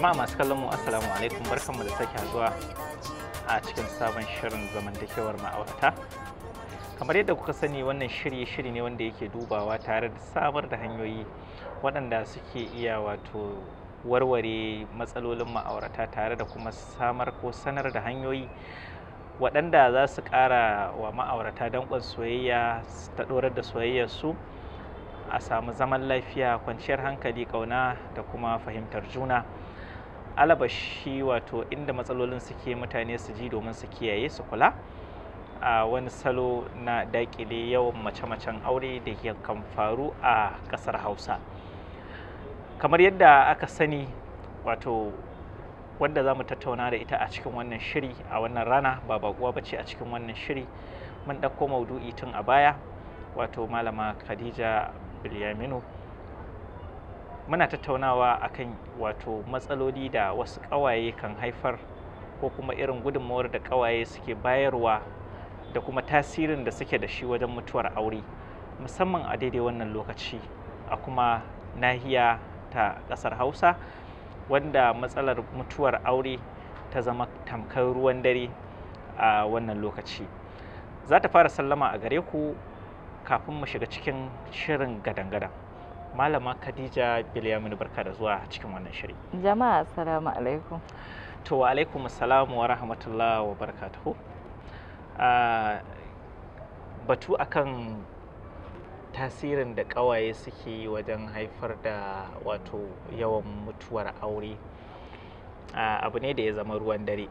jama'a masu kallon mu assalamu alaikum barkanmu da sake haduwa a cikin sabon shirin zamantakewar ma'aurata kamar yadda kuka sani wannan shiri shiri ne wanda yake dubawa tare da samar da hanyoyi waɗanda suke iya wato warware matsalolin ma'aurata tare da kuma samar ko sanar da hanyoyi waɗanda za su ƙara wa ma'aurata danƙon soyayya ta ɗorar da soyayyarsu a samu zaman lafiya kwanciyar hankali ƙauna da kuma fahimtar juna alabashi wato inda matsalolin suke mutane su ji domin su kiyaye su kula a wani salo na dakile yawan mace-macen aure da kan faru a kasar hausa kamar yadda aka sani wato wadda za mu tattauna da ita a cikin wannan shiri a wannan rana ba bakuwa ba ce a cikin wannan shiri mun ɗauko maudu'i tun a baya wato malama khadija bilyaminu muna tattaunawa akan wato matsaloli da wasu ƙawaye kan haifar ko kuma irin gudunmawar da ƙawaye suke bayarwa da kuma tasirin da suke da shi wajen mutuwar aure musamman a daidai wannan lokaci a kuma nahiya ta ƙasar hausa wanda matsalar mutuwar aure ta zama tamkar ruwan dare a wannan lokaci za ta fara sallama a gare ku kafin mu shiga cikin shirin gadan-gadan malama khadija biliyamin barka da zuwa cikin wannan shiri jama'a assalamu alaikum to wa alaikum assalamu wa rahmatullah wa barakatuhu ah, batu akan tasirin da kawaye suke wajen haifar da wato yawan mutuwar aure ah, abu ne da ya zama ruwan dare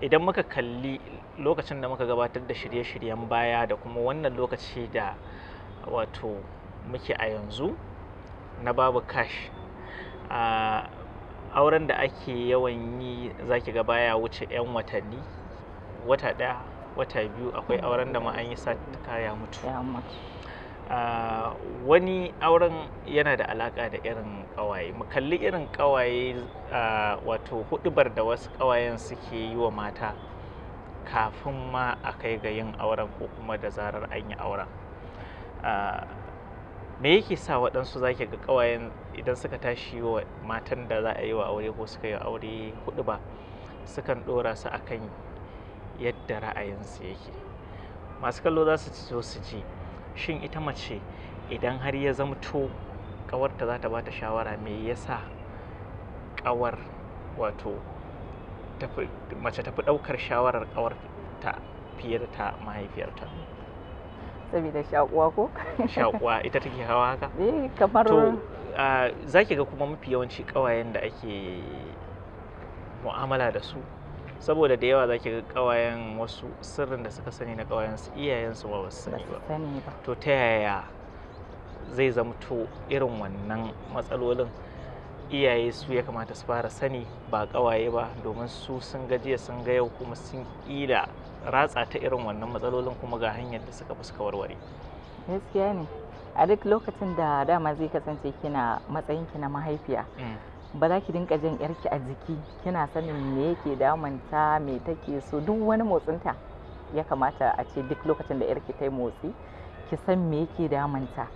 idan muka kalli lokacin da muka gabatar da shirye-shiryen baya da kuma wannan lokaci da wato muke a yanzu na babu cash a auren da ake yawan yi zaki ga baya wuce 'yan watanni wata ɗaya wata biyu akwai auren da ma an yi satuka ya mutu wani auren yana da alaka da irin kawaye mu irin kawaye uh, wato hudubar da wasu kawayen suke yi wa mata kafin ma a kai ga yin auren ko kuma da zarar an yi auren me yake sa waɗansu zaki ga ƙawayen idan suka tashi wa matan da za a yi wa aure ko suka yi aure hudu ba sukan ɗora su akan yadda ra'ayinsu yake masu kallo za su ci so su ji shin ita mace idan har ya zamto ƙawarta za ta ba ta shawara me ya sa ƙawar wato mace tafi ɗaukar shawarar ƙawarta fiye da ta mahaifiyarta saboda shakuwa ko shakuwa ita take hawa haka eh kamar to zaki ga kuma mafi yawanci kawayen da ake mu'amala da su saboda da yawa zaki ga kawayen wasu sirrin da suka sani na kawayen su iyayen su ba su sani ba to ta yaya zai zamto irin wannan matsalolin iyaye su ya kamata su fara sani ba kawaye ba domin su sun gajiya sun ga yau kuma sun kila ratsa ta irin wannan matsalolin kuma ga hanyar da suka fuska warware gaskiya ne a duk lokacin da dama zai kasance kina matsayin ki na mahaifiya mm. ba za ki dinka jin yarki a jiki kina sanin me yake damunta me take so duk wani motsinta ya kamata a ce duk lokacin da yarki ta yi motsi ki san me yake damunta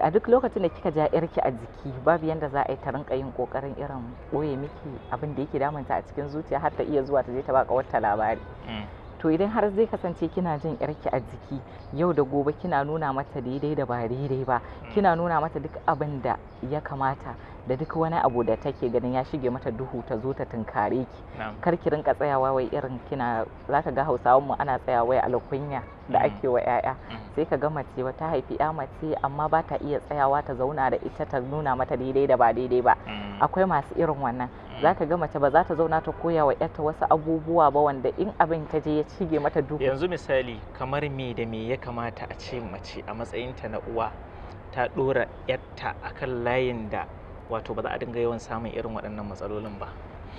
a duk lokacin da kika ja yarki a jiki babu yanda za a yi ta rinka yin kokarin irin boye miki abin da yake damanta a cikin zuciya har ta iya zuwa ta je ta baka wata labari mm. to idan har zai kasance kina jin yarki a jiki yau da gobe kina nuna mata daidai da ba daidai ba kina nuna mata duk abin da ya kamata da duk wani abu da take ganin ya shige mata duhu ta zo ta tunkare ki kar ki rinka tsayawa wai irin kina zaka ga hausawan mu ana tsayawa wai alkunya da mm. ake wa yaya mm. sai ka ga mace ta haifi ya mace amma ba ta iya tsayawa ta zauna da ita ta nuna mata daidai da ba daidai ba mm. akwai masu irin wannan za ka ga mace ba za ta zauna ta koya wa yarta wasu abubuwa ba wanda in abin ta je ya cige mata duhu yanzu misali kamar me da me ya kamata a ce mace a matsayinta na uwa ta dora yarta akan layin da wato ba za a dinga yawan samun irin waɗannan matsalolin ba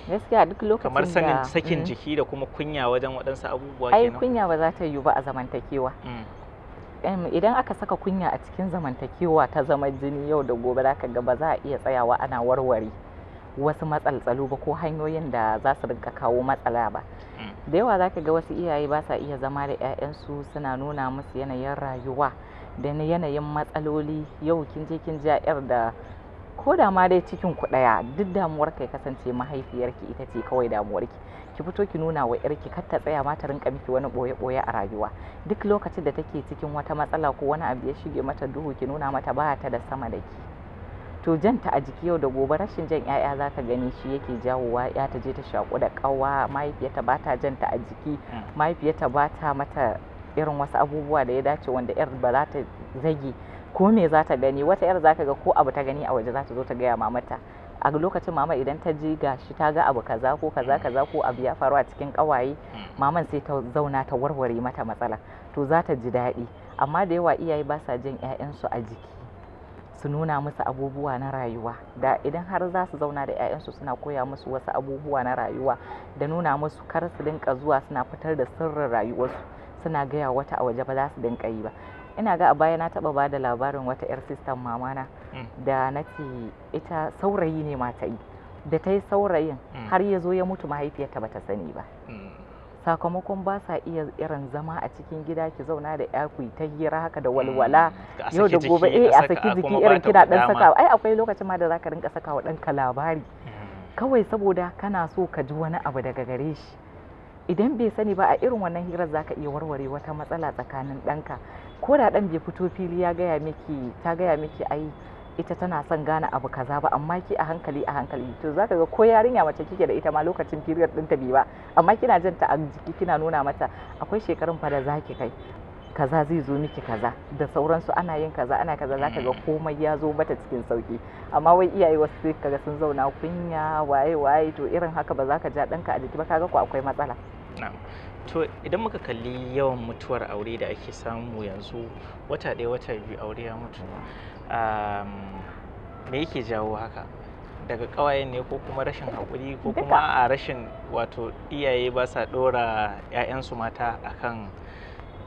gaskiya duk lokacin kamar sanin sakin mm. jiki da kuma kunya wajen waɗansu abubuwa ai kunya ba za ta yiwu ba a zamantakewa mm. idan aka saka kunya a cikin zamantakewa ta zama jini yau da gobe za ka ga ba za a iya tsayawa ana warware wasu matsaltsalu ba ko hanyoyin da za su rinka kawo matsala ba hmm. da yawa za ka ga wasu iyaye ba sa iya zama da 'ya'yansu suna nuna musu yanayin rayuwa da yanayin matsaloli yau kin je kin ja 'yar da ko da ma dai cikin ku daya duk damuwar ya kasance mahaifiyarki ita ce kawai damuwarki ki fito ki nuna wa yarki kar ta tsaya ma ta rinka miki wani boye boye a rayuwa duk lokacin da take cikin wata matsala ko wani abu ya shige mata duhu ki nuna mata ba ta da sama da ki to janta a jiki yau da gobe rashin jan 'ya'ya za ka gani shi yake jawowa ya ta je ta shaku da ƙawa mahaifiyarta ba ta janta a jiki hmm. mahaifiyarta ba ta mata irin wasu abubuwa da ya dace wanda 'yar ba za ta zage ko me za ta gani wata 'yar za ka ga ko abu ta gani a waje za ta zo ta gaya mamata a lokacin mama idan ta ji shi ta ga abu kaza ko kaza kaza ko abu ya faru a cikin ƙawaye. Hmm. maman sai ta zauna ta warware mata matsala to za ta ji daɗi amma da yawa iyaye ba sa jin 'ya'yansu a jiki su nuna musu abubuwa na rayuwa da idan har za su zauna da 'ya'yansu suna koya musu wasu abubuwa na rayuwa da nuna musu kar su dinka zuwa suna fitar da sirrin rayuwarsu suna gaya wata a waje ba za su dinka yi ba ina ga a baya na taba ba da labarin wata 'yar sistan mamana mm. da nake ita saurayi ne mata yi da ta yi saurayin mm. har ya zo ya mutu mahaifiyarta ba ta sani ba mm. sakamakon ba sa iya irin zama a cikin gida ki zauna da ya ku ta hira haka da mm, walwala yau da gobe eh a saki jiki irin kina dan saka ai akwai lokacin ma da zaka rinka saka wa danka labari mm. kawai saboda kana so ka ji wani abu daga gare shi idan bai sani ba a irin wannan hirar zaka iya warware wata matsala tsakanin ɗanka ko da ɗan bai fito fili ya gaya miki ta gaya miki ai ita tana son gane abu kaza ba amma ki a hankali a hankali to zaka ga ko yarinya mace kike da ita ma lokacin period ɗinta bai ba amma kina jin ta a jiki kina nuna mata akwai shekarun fa da zaki kai kaza zai zo miki kaza da sauransu ana yin kaza ana kaza zaka ga mm. komai ya zo mata cikin sauki amma wai iyaye wasu sai kaga sun zauna kunya waye waye to irin haka ba zaka ja ɗanka a jiki ba kaga ko akwai matsala to idan muka kalli yawan mutuwar aure da ake samu yanzu wata ɗaya wata biyu aure ya mutu me yake jawo haka daga kawayen ne ko kuma rashin haƙuri ko kuma a rashin wato iyaye ba sa ɗora 'ya'yansu mata akan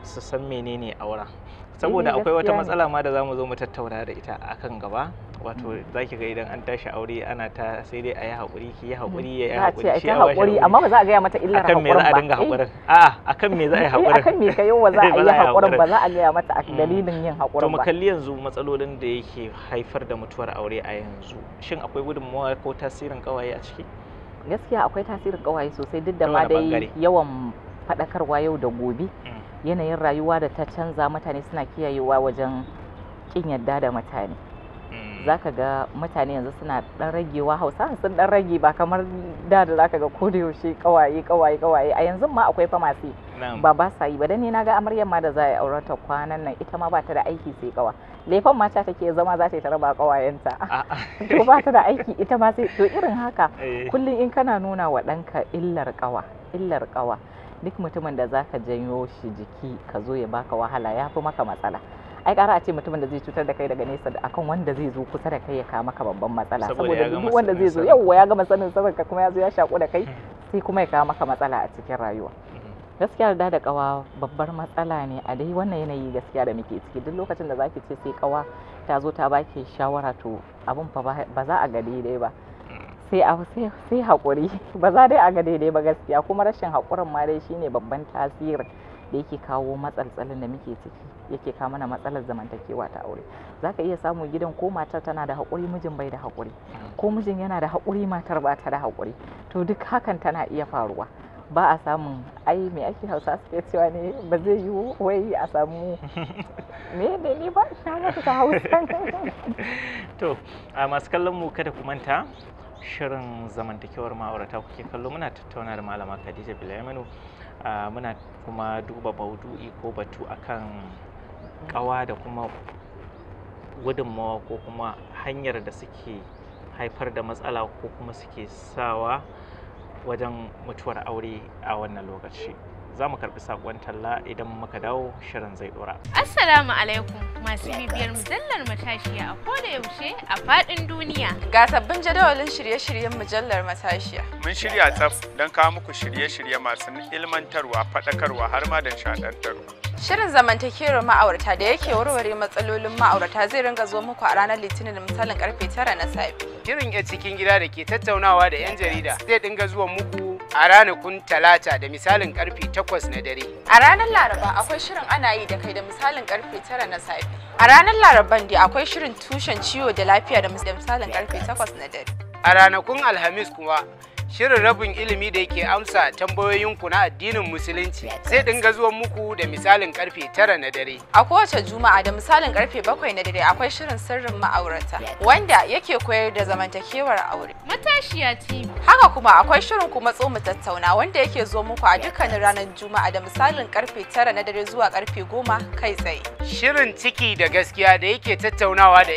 su san menene auren saboda eh, akwai wata matsala ma da za mu zo mu tattauna da ita akan gaba wato mm. za ki ga idan an tashi aure ana ta sai dai a yi haƙuri ki yi haƙuri ya yi haƙuri shi a haƙuri amma ba za a gaya mata illar haƙurin ba akan me za a dinga haƙurin eh. a akan me za a yi eh, haƙurin akan me ka wa za a yi haƙurin ba za a gaya mata mm. dalilin yin haƙurin ba to mu kalli yanzu matsalolin da yake haifar da mutuwar aure a yanzu shin akwai gudunmawa ko tasirin ƙawaye a ciki gaskiya akwai tasirin ƙawaye sosai duk da ma dai yawan faɗakarwa yau da gobe mm. yanayin rayuwa da ta canza mutane suna kiyayewa wajen ƙin yadda da mutane za ka ga mutane yanzu suna dan ragewa hausa sun dan rage ba kamar da da za ka ga ko da yaushe kawaye kawaye kawaye a yanzu ma akwai fa masu ba ba sa yi ba dan ne na ga amaryar ma da za a yi aurata kwanan nan ita ma ba ta da aiki sai kawa laifin mata take zama za ta yi ta raba kawayenta to ba ta da aiki ita ma sai to irin haka eh. kullum in kana nuna wa ɗanka illar kawa illar kawa duk mutumin da zaka janyo shi jiki ka zo ya baka wahala ya fi maka matsala ai kara a ce mutumin da zai cutar da kai daga nesa da akan wanda zai zo kusa da kai ya kama ka babban matsala saboda duk wanda zai zo yawwa ya gama sanin sanin ka kuma ya zo ya shaku da kai hmm. sai kuma ya kama ka matsala a cikin rayuwa hmm. gaskiya da da kawa babbar matsala ne a dai wannan yanayi gaskiya da muke ciki duk lokacin da zaki ce sai kawa ta zo ta baki shawara to abun fa ba za a ga daidai ba hmm. sai sai hakuri ba za dai a ga daidai ba gaskiya kuma rashin hakurin ma dai shine babban tasiri da yake kawo matsaltsalin da muke ciki yake kawo mana matsalar zamantakewa ta aure za ka iya samun gidan ko matar tana da haƙuri mijin bai da haƙuri ko mijin yana da haƙuri matar ba ta da haƙuri to duk hakan tana iya faruwa ba a samun ai me ake hausa suke cewa ne ba zai yi wai a samu me ne ne ba na mata ta hausa to a masu kallon mu kada ku manta shirin zamantakewar ma'aurata kuke kallo muna tattauna da malama Khadija Bilayamanu muna kuma duba maudu'i ko batu akan ƙawa da kuma gudunmawa ko kuma hanyar da suke haifar da matsala ko kuma suke sawa wajen mutuwar aure a wannan lokaci za mu karɓi sakon talla idan muka dawo shirin zai dora. Assalamu alaikum masu bibiyar mujallar matashiya a koda yaushe a fadin duniya. Ga sabbin jadawalin shirye-shiryen mujallar matashiya. Mun shirya tsaf don kawo muku shirye-shirye masu ilmantarwa, faɗakarwa har ma da nishaɗantarwa. Shirin zamantakewar ma'aurata da yake warware matsalolin ma'aurata zai ringa zo muku a ranar Litinin misalin karfe tara na safe. Kirin ya cikin gida da ke tattaunawa da 'yan jarida zai dinga zuwa muku a ranakun talata da misalin karfe 8 na dare. A ranar laraba akwai shirin ana yi da kai da misalin karfe tara na safe. A ranar laraban da akwai shirin tushen ciwo da lafiya da misalin karfe takwas na dare. A ranakun alhamis kuma shirin rabin ilimi da yake amsa tambayoyinku na addinin musulunci zai dinga zuwa muku da misalin karfe tara na dare. A kowace juma'a da misalin karfe bakwai na dare akwai shirin sirrin ma'aurata wanda yake koyar da zamantakewar aure. Matashiya TV. Haka kuma akwai shirin kuma tso mu tattauna wanda yake zo muku a dukkanin ranar juma'a da misalin karfe tara na dare zuwa karfe goma kai tsaye. Shirin ciki da gaskiya da yake tattaunawa da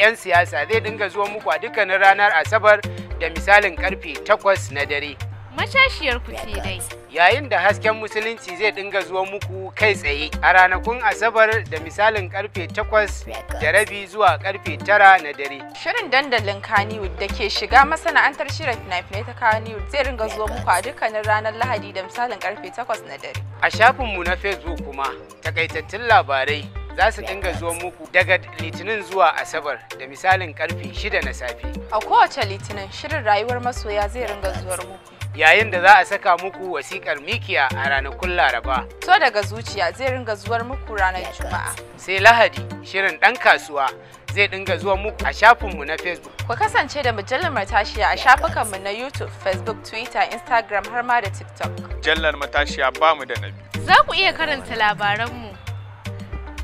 'yan siyasa zai dinga zuwa muku a dukkanin ranar Asabar da misalin karfe takwas na dare. Mashashiyar ku ce dai. Yayin da hasken musulunci zai dinga zuwa muku kai tsaye a ranakun Asabar da misalin karfe takwas da rabi zuwa karfe tara na dare. Shirin dandalin Kannywood da ke shiga masana'antar shirin fina-finai ta Kannywood zai ringa zuwa muku a dukkanin ranar Lahadi da misalin karfe takwas na dare. A shafinmu na Facebook kuma takaitattun labarai za su dinga zuwa muku daga litinin zuwa asabar da misalin karfe shida na safe. A kowace litinin shirin rayuwar masoya zai ringa zuwar muku. Yayin da za a saka muku wasikar mikiya a ranakun Laraba. To daga zuciya zai ringa zuwar muku ranar Juma'a. Sai Lahadi shirin ɗan kasuwa zai dinga zuwa muku a shafinmu na Facebook. Ku kasance da mujallar matashiya a shafukanmu na YouTube, Facebook, Twitter, Instagram har ma da TikTok. Mujallar matashiya ba mu da nabi. Za ku iya karanta labaranmu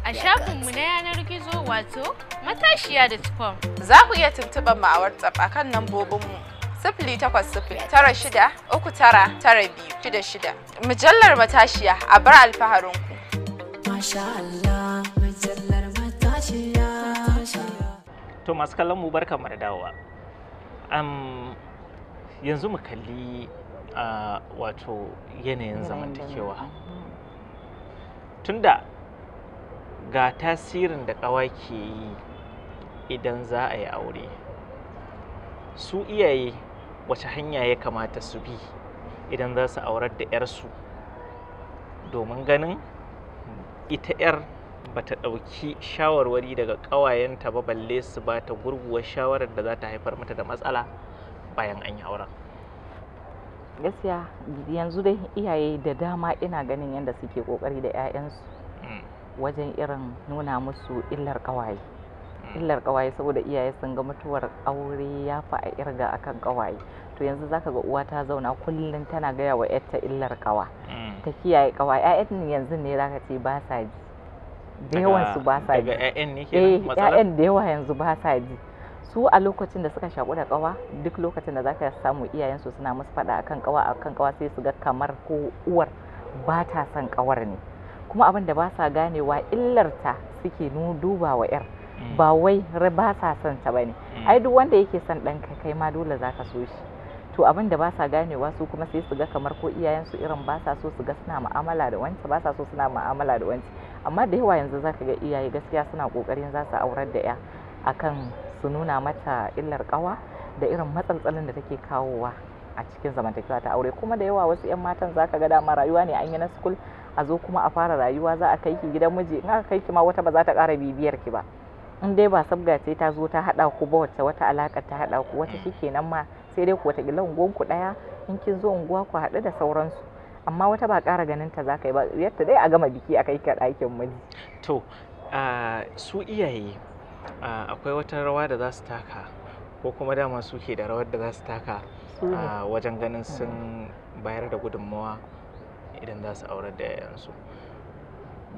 a shafinmu na yanar gizo wato matashiya da tukom. Za ku iya tuntuɓar mu a WhatsApp akan lambobinmu. sifili takwas sifili tara shida uku tara tara biyu shida shida. Mujallar matashiya a bar alfaharinku. Masha Allah, To masu kallon mu barka mu da dawowa. Um, yanzu mu kalli uh, wato yanayin zamantakewa. Tunda ga tasirin da ƙawa ke yi idan za a yi aure su iyaye wace hanya ya kamata su bi idan za su aurar da 'yarsu domin ganin ita 'yar ba ta ɗauki shawarwari daga ƙawayenta ba balle su ba ta gurguwar shawarar da za ta haifar mata da matsala bayan an yi auren gaskiya yanzu dai iyaye da dama ina ganin yadda suke ƙoƙari da 'ya'yansu hmm. wajen irin nuna musu illar ƙawaye hmm. illar ƙawaye saboda iyaye sun ga mutuwar aure ya fi a irga akan ƙawaye to yanzu zaka ga uwa ta zauna kullum tana gaya wa yarta illar ƙawa hmm. ta kiyaye ƙawa ƴaƴan yanzu ne zaka ce ba sa ji da su ba sa ji eh, ƴaƴan da yawa yanzu ba sa ji su a lokacin da suka shaƙu da ƙawa duk lokacin da zaka samu iyayensu suna musu faɗa akan ƙawa akan ƙawa sai su ga kamar ko uwar ba ta son ƙawar ne kuma abin da ba sa ganewa illarta suke duba wa 'yar mm. ba wai ba sa son ta bane mm. ai duk wanda yake son ɗanka kai ma dole za ka so shi to abin da ba sa ganewa su kuma sai su ga kamar ko iyayensu irin ba sa so su ga suna mu'amala da wancan ba sa so suna mu'amala da wancan amma da yawa yanzu zaka ga iyaye gaskiya suna kokarin za su aurar da 'ya akan su nuna mata illar ƙawa da irin matsantsalin da take kawowa a cikin zamantakewa ta aure kuma da yawa wasu 'yan matan zaka ga dama rayuwa ne an yi na school a zo kuma a fara rayuwa za a kai ki gidan miji in aka kai ki ma wata ba za ta ƙara bibiyar ki ba in dai ba sabga sai ta zo ta haɗa ku ba wacce wata alaƙa ta haɗa ku wata shikenan ma sai dai ku wata gila unguwan ku ɗaya in kin zo unguwa ku haɗu da sauransu amma wata ba ƙara ganin ta za ka yi ba yadda dai a gama biki a kai ka ɗakin miji. to su iyaye akwai wata rawa da za su taka ko kuma dama suke da rawar da za su taka wajen ganin sun mm. bayar da gudunmawa idan za su aurar da 'ya'yansu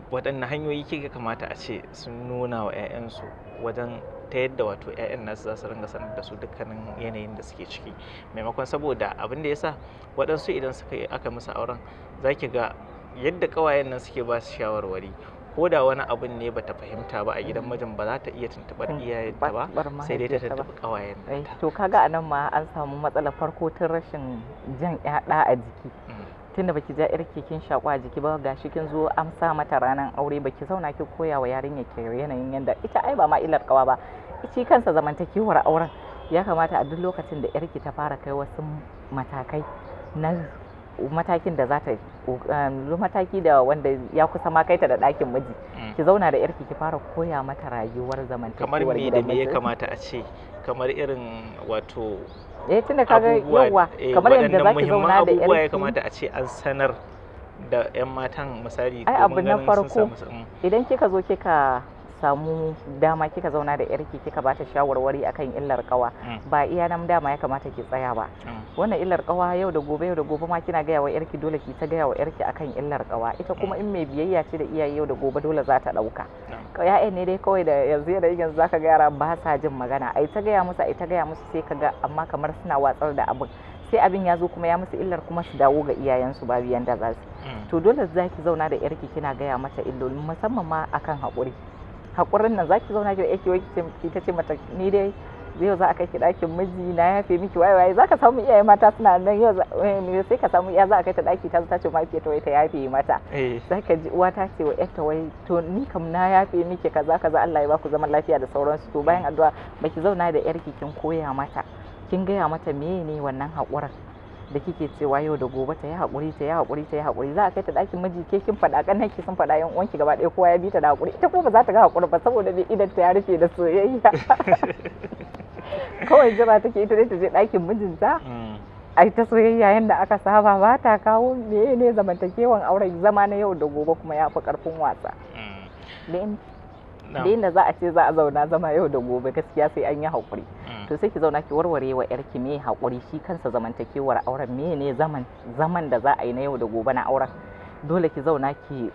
waɗanne hanyoyi ke ka kamata a ce sun nuna wa 'ya'yansu wajen ta yadda wato 'ya'yan nasu za su ringa sanar da su dukkanin yanayin da suke ciki maimakon saboda abin da ya sa waɗansu idan suka aka musu auren za ki ga yadda ƙawayen nan suke ba su shawarwari ko da wani abin ne bata fahimta ba a gidan mijin ba za ta iya mm, iyayen iyayenta ba sai dai ta tuntuɓi kawayen eh, to kaga anan ma an samu matsalar farko tun rashin jan yaɗa a jiki mm. tunda baki ja yar kekin shakwa jiki ba ga shi kin zo amsa mata ranar aure baki zauna ki koya wa yarinya ke yanayin yanda ita ai ba ma illar kawa ba shi kansa zamantakewar auren ya kamata a duk lokacin da yarki ta fara kai wasu matakai na matakin da za ta um, mataki da wanda ya kusa ma kaita da ɗakin miji mm. ki zauna da yarki ki fara koya mata rayuwar zamantakewar kamar me da me ya kamata a ce kamar irin wato eh tunda kaga yawa eh, kamar yadda zaki zauna da abubuwa ya kamata a ce an sanar da 'yan matan misali ai abu na farko idan kika zo kika samu dama kika zauna da yarki kika bata shawarwari akan illar kawa mm. ba iya nan dama ya kamata ki tsaya ba mm. wannan illar kawa yau da gobe yau da gobe ma kina gaya wa yarki dole ki ta gaya wa yarki akan illar kawa ita kuma mm. in mai biyayya ce da iyaye yau da gobe dole za ta dauka ya'yan ne dai kawai da yanzu yana yanzu zaka ga yara ba sa jin magana ai ta gaya musu ai ta gaya musu sai kaga amma kamar suna watsar da abin sai abin ya zo kuma ya musu illar kuma su dawo ga iyayensu babu da za su to dole za ki zauna da yarki kina gaya mata illolin musamman ma akan haƙuri haƙurin nan zaki zauna ki da yake wai ki ta ce mata ni dai yau za a kai ki ɗakin miji na yafe miki waye waye zaka samu iyaye mata suna nan yau eh, sai ka samu iya za a kai ta ɗaki ta ta ma ke ta wai ta yafe mata eh. zaka ji uwa ta ce wa ta wai to ni kam na yafe miki kaza kaza Allah ya baku zaman lafiya da sauransu to bayan addu'a baki zauna da yarki kin koya mata kin gaya mata meye ne wannan haƙurin da kike cewa yau da gobe ta yi haƙuri ta yi hakuri ta yi haƙuri za a kai ta dakin miji ke kin faɗa kan nake sun faɗa yan uwanki gaba ɗaya kowa ya bi ta da haƙuri ita ko ba za ta ga hakuri ba saboda bai idan ta ya rufe da soyayya kawai jira take ita dai ta je ɗakin mijinta mm. a ta soyayya yadda aka saba ba ta kawo meye ne zamantakewan auren zama na yau da gobe kuma ya fi ƙarfin wasa mm. da inda za a ce za a zauna zama yau da gobe gaskiya sai an yi hakuri. to sai ki zauna ki warware wa yarki me hakuri shi kansa zamantakewar auren me ne zaman zaman da za a yi na yau da gobe na auren dole ki zauna ki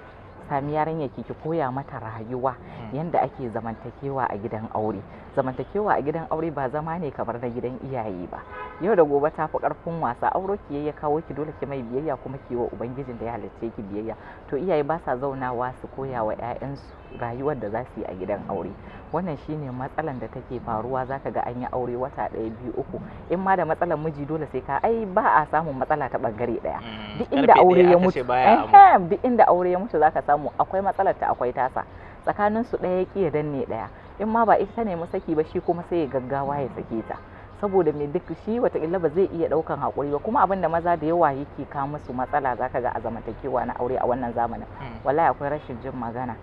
sami yarinya ki ki koya mata rayuwa Yanda ake zamantakewa a gidan aure zamantakewa a gidan aure ba zama ne kamar na gidan iyaye ba yau da gobe ta fi karfin wasa auro ki ya kawo ki dole ki mai biyayya kuma ki wa ubangijin da ya halicce ki biyayya to iyaye ba sa zaunawa su koya wa 'ya'yansu rayuwar da za su yi a gidan aure wannan shine matsalan da take faruwa zaka ga an yi aure wata ɗaya biyu uku in ma da matsalan miji dole sai ka ai ba a samun matsala ta bangare ɗaya mm, duk inda aure ya mutu duk inda aure ya mutu zaka samu akwai matsalar ta akwai tasa tsakanin su ɗaya ya danne ɗaya in ma ba ita ne masaki ba shi kuma sai ya gaggawa ya sake ta saboda mai duk shi illa ba zai iya ɗaukan haƙuri ba kuma abin da maza da yawa yake kawo musu matsala za ka ga a zamantakewa na aure a wannan zamanin hmm. wallahi akwai rashin jin magana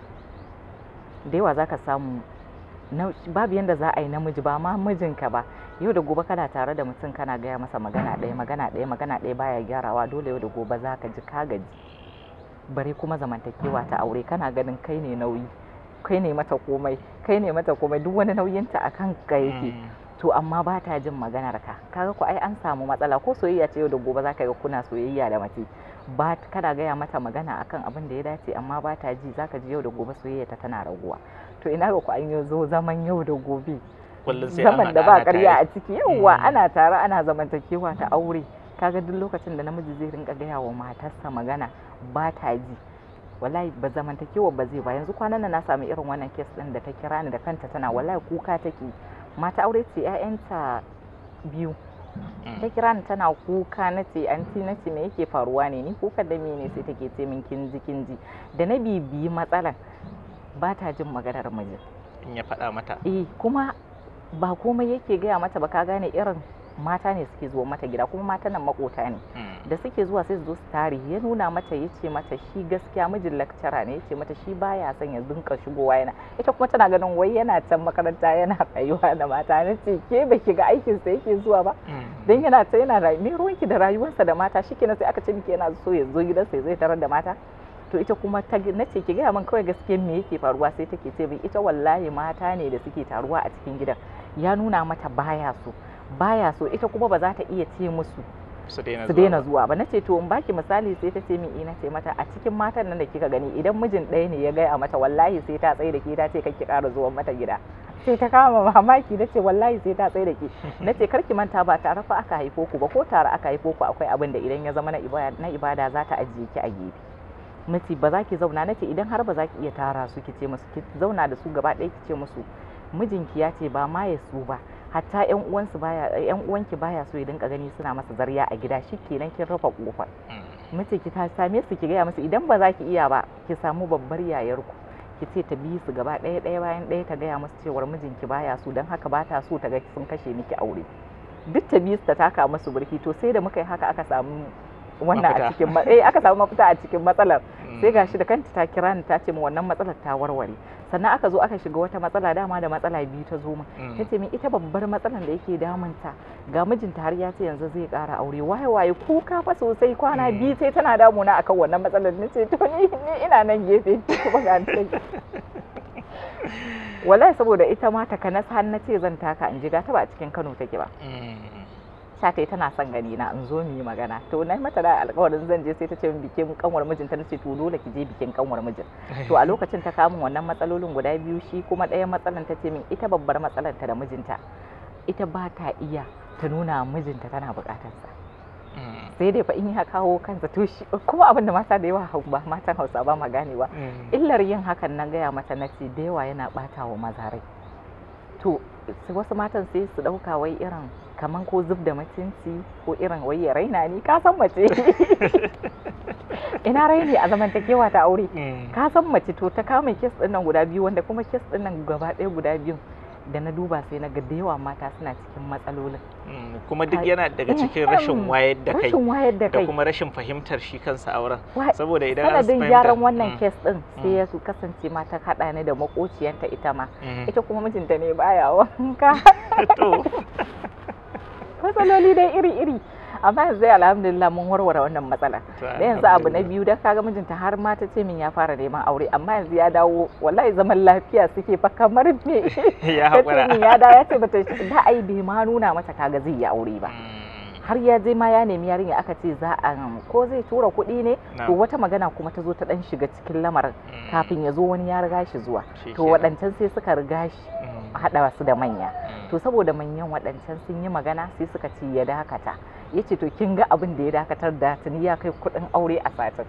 da yawa za ka samu babu yadda za a yi namiji ba ma mijinka ba yau da gobe kana tare da mutum kana gaya masa magana ɗaya magana ɗaya magana ɗaya baya gyarawa dole yau da gobe za ka ji ka gaji bare kuma zamantakewa ta aure kana ganin kai ne nauyi kai ne mata komai kai ne mata komai duk wani nauyinta akan ka yake mm. to amma ba ta jin maganar ka kaga ko ai an samu matsala ko soyayya ce yau da gobe za zaka ga kuna soyayya da mace ba kana gaya mata magana akan abin da ya dace amma ba ta ji zaka ji yau da gobe soyayya ta tana raguwa to ina ga ku an yi zo zaman yau da gobe zaman da ba karya a ciki yauwa mm. ana tare ana zamantakewa ta aure kaga duk lokacin da namiji zai rinka gaya wa matarsa magana ba ta ji wallahi ba zamantakewa ba zai ba yanzu kwanan nan na samu irin wannan kes din da ta kira ni da kanta tana wallahi kuka take mata aure ce 'ya'yanta biyu ta mm. kira ni tana kuka na ce anti na ce me yake faruwa ne ni kuka da ne sai take ce min kinji kinji da na bibiyi matsalan ba ta jin maganar mijin in ya faɗa mata eh kuma ba komai yake gaya mata ba ka gane irin mata ne suke zuwa mata gida kuma mata nan makota ne hmm. da suke zuwa sai su zo su tare ya nuna mata ya ce mata shi gaskiya mijin lakcara ne ya ce mata shi baya son ya dinka shigowa yana ita kuma tana ganin wai yana can makaranta yana rayuwa da mata na ce ke ba ki ga aikin sa yake zuwa ba hmm. dan yana ta yana rayuwa ki da rayuwarsa da mata shikenan sai aka ce miki yana so ya zo gidansa ya zai tarar da mata to ita kuma ta nace ki gaya min kawai gaskiya me yake faruwa sai take ce ita wallahi mata ne da suke taruwa a cikin gidan ya nuna mata baya so baya so ita kuma ba za ta iya ce musu su daina zuwa ba nace to in baki misali sai ta ce min ina eh, ce mata a cikin matan nan da kika gani idan mijin ɗaya ne ya gaya mata wallahi sai ta tsaye da ke ta ce kake ƙara zuwa mata gida sai ta kama mamaki na ce wallahi sai ta tsaye da ke na ce karki manta ba tare fa aka haifo ku ba ko tare aka haifo ku akwai abin da idan ya zama na ibada za ta ajiye ki a gefe mace ba za ki zauna na ce idan har ba za ki iya tara su ki ce musu ki zauna da su gaba ɗaya ki ce musu mijinki ya ce ba ma ya su ba hatta yan uwansu baya yan uwanki baya so ya dinka gani suna masa zarya a gida shikenan kin rufe kofar mace mm. ki ta same su ki gaya musu idan ba za ki iya ba ki samu babbar yayar ku ki ce ta bi su gaba ɗaya ɗaya bayan ɗaya ta gaya musu cewar mijinki baya so don haka ba ta so ta ga sun kashe miki aure duk ta bi su ta taka musu burki to sai da muka yi haka aka samu wannan a cikin eh aka samu mafita a cikin matsalar mm. sai gashi da kanta ta kira ni ta ce mu wannan matsalar ta warware sannan aka zo aka shiga wata matsala dama da matsala biyu ta zo mm. ta ce min ita babbar matsalar da yake damunta ga mijinta har ya ce yanzu zai kara aure waye waye kuka fa sosai kwana mm. biyu sai tana damuna akan wannan matsalar ni ce to ni ina nan gefe kuma ga wallahi saboda ita ma ta kanas har na ce zan taka in ji ga ta ba cikin Kano take ba mm. ta ta tana son gani na in zo mu yi magana to na yi mata da alƙawarin zan je sai ta ce bikin kanwar mijin ta ce to dole ki je bikin kanwar mijin to a lokacin ta kamun wannan matsalolin guda biyu shi kuma ɗaya matsalan ta ce min ita babbar matsalan ta da mijinta ita ba ta iya ta nuna mijinta tana sa mm. sai dai fa in ya kawo kansa to shi kuma abin da mata da yawa ba matan Hausa ba ma ganewa mm. illar yin hakan na gaya mata na ce da yawa yana bata wa maza rai to wasu matan sai su ɗauka wai irin kaman ko zub da mutunci ko irin wai ya raina ni ka san mace ina raini a zamantakewa ta aure mm. ka san mace to ta kama kes din nan guda biyu wanda kuma kes din nan gaba ɗaya guda biyu da na duba sai na ga da yawa mata suna cikin matsalolin mm, kuma duk yana daga cikin rashin mm, wayar da kai da kuma rashin fahimtar shi kansa auren saboda idan an sanadin gyaran wannan kes din sai ya su kasance mata kaɗa ne da makociyanta ita ma ita kuma mijinta ne baya wanka to matsaloli dai iri-iri amma yanzu zai alhamdulillah mun warware wannan matsala da yanzu abu na biyu da kaga mijinta har ma ta ce min ya fara neman aure amma yanzu ya dawo wallahi zaman lafiya suke fa kamar me ya ya dawo ya ce bata da ai bai ma nuna mata kaga zai yi aure ba hmm. har ya je ma ya nemi yarinya aka ce za a ko zai tura kuɗi ne to wata magana kuma ta zo ta ɗan shiga cikin lamarin hmm. kafin ya zo wani ya riga shi zuwa to waɗancan sai suka riga shi hmm. haɗa su da manya mm. to saboda manyan waɗancan sun yi magana sai suka ce ya dakata ya ce to kin ga abin da ya dakatar da tuni ya kai kuɗin aure a satin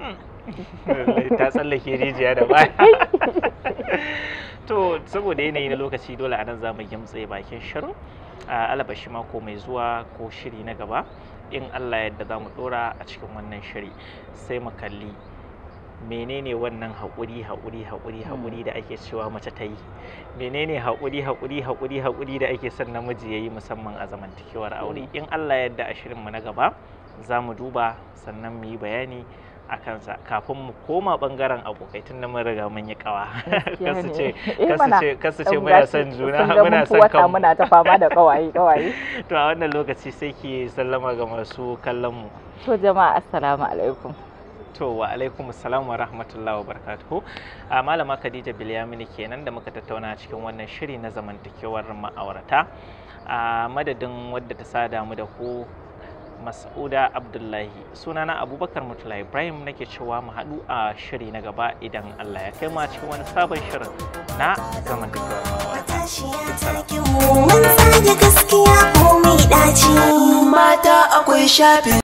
mm. ta tsallake rijiya da baya to saboda yanayi na lokaci dole a nan za mu gimtse bakin shirin a alabashi mako mai zuwa ko shiri na gaba in allah yadda za mu dora a cikin wannan shiri sai mu kalli menene wannan haƙuri haƙuri haƙuri haƙuri mm. da ake cewa mace ta yi menene haƙuri haƙuri haƙuri haƙuri da ake son namiji ya yi musamman a zamantakewar aure mm. in allah yadda a mu na gaba za mu duba sannan mu yi bayani a kansa kafin mu koma bangaren abokai tun da mun riga mun yi kawa kasu eh, ce muna son juna muna son kan muna ta fama da kawaye kawaye to a wannan lokaci sai ki sallama ga masu kallon mu to jama'a assalamu alaikum to wa alaikum assalam wa rahmatullahi wa barakatuhu a malama khadija bilyamini kenan da muka tattauna cikin wannan shiri na zamantakewar ma'aurata a madadin wadda ta sada mu da ku mas'uda abdullahi sunana abubakar mutula ibrahim nake cewa mu haɗu a shiri na gaba idan allah ya kai ma cikin wani sabon shirin na zamantakewar mata akwai shafin